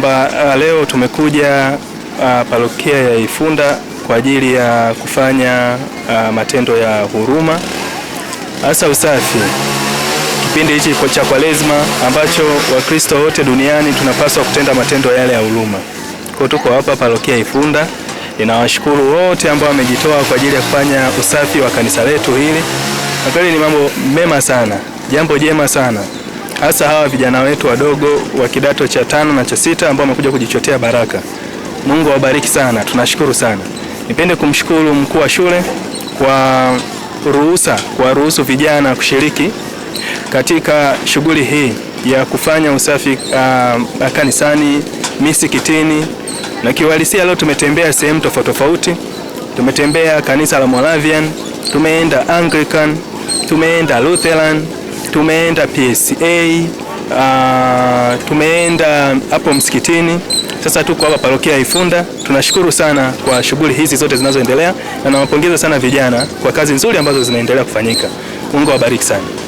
kwamba uh, leo tumekuja uh, parokia ya Ifunda kwa ajili ya kufanya uh, matendo ya huruma hasa usafi kipindi hichi cha Kwaresma ambacho Wakristo wote duniani tunapaswa kutenda matendo yale ya huruma. Kwa tuko hapa parokia Ifunda, ninawashukuru wote ambao wamejitoa kwa ajili ya kufanya usafi wa kanisa letu hili. Kwa kweli ni mambo mema sana, jambo jema sana hasa hawa vijana wetu wadogo wa kidato cha tano na cha sita ambao wamekuja kujichotea baraka. Mungu awabariki sana, tunashukuru sana. Nipende kumshukuru mkuu wa shule kwa ruhusa, kwa ruhusu vijana kushiriki katika shughuli hii ya kufanya usafi uh, kanisani, misikitini na kiuhalisia. Leo tumetembea sehemu tofauti tofauti, tumetembea kanisa la Moravian, tumeenda Anglican, tumeenda Lutheran tumeenda PSA, uh, ah, tumeenda hapo msikitini. Sasa tuko hapa parokia Ifunda. Tunashukuru sana kwa shughuli hizi zote zinazoendelea, na nawapongeza sana vijana kwa kazi nzuri ambazo zinaendelea kufanyika. Mungu awabariki sana.